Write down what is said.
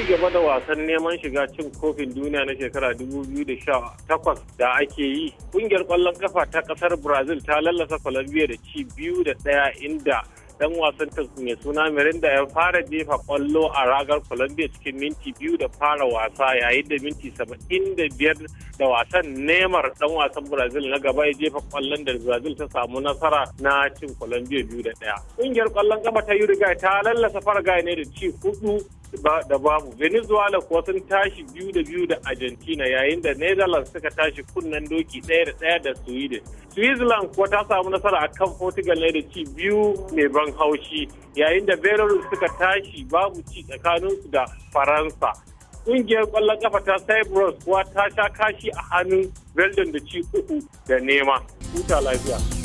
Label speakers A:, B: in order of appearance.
A: ci gaba da wasan neman shiga cin kofin duniya na shekara 2018 da ake yi kungiyar kwallon kafa ta kasar brazil ta lallasa colombia da ci biyu da daya inda dan wasan ta mai suna merinda ya fara jefa kwallo a ragar colombia cikin minti biyu da fara wasa yayin da minti 75 da wasan neymar dan wasan brazil na gaba ya jefa kwallon da brazil ta samu nasara na cin colombia biyu da daya kungiyar kwallon kafa ta uruguay ta lallasa farga ne da ci hudu da babu venezuela kuwa sun tashi biyu da biyu da argentina yayin da netherlands suka tashi kunnen doki ɗaya da ɗaya da sweden switzerland kuwa ta samu nasara a kan portugal ne da ci biyu mai ban haushi yayin da belarus suka tashi babu ci tsakaninsu da faransa ƙungiyar kwallon kafa ta cyprus kuwa ta sha kashi a hannun belgium da ci uku da nema huta
B: lafiya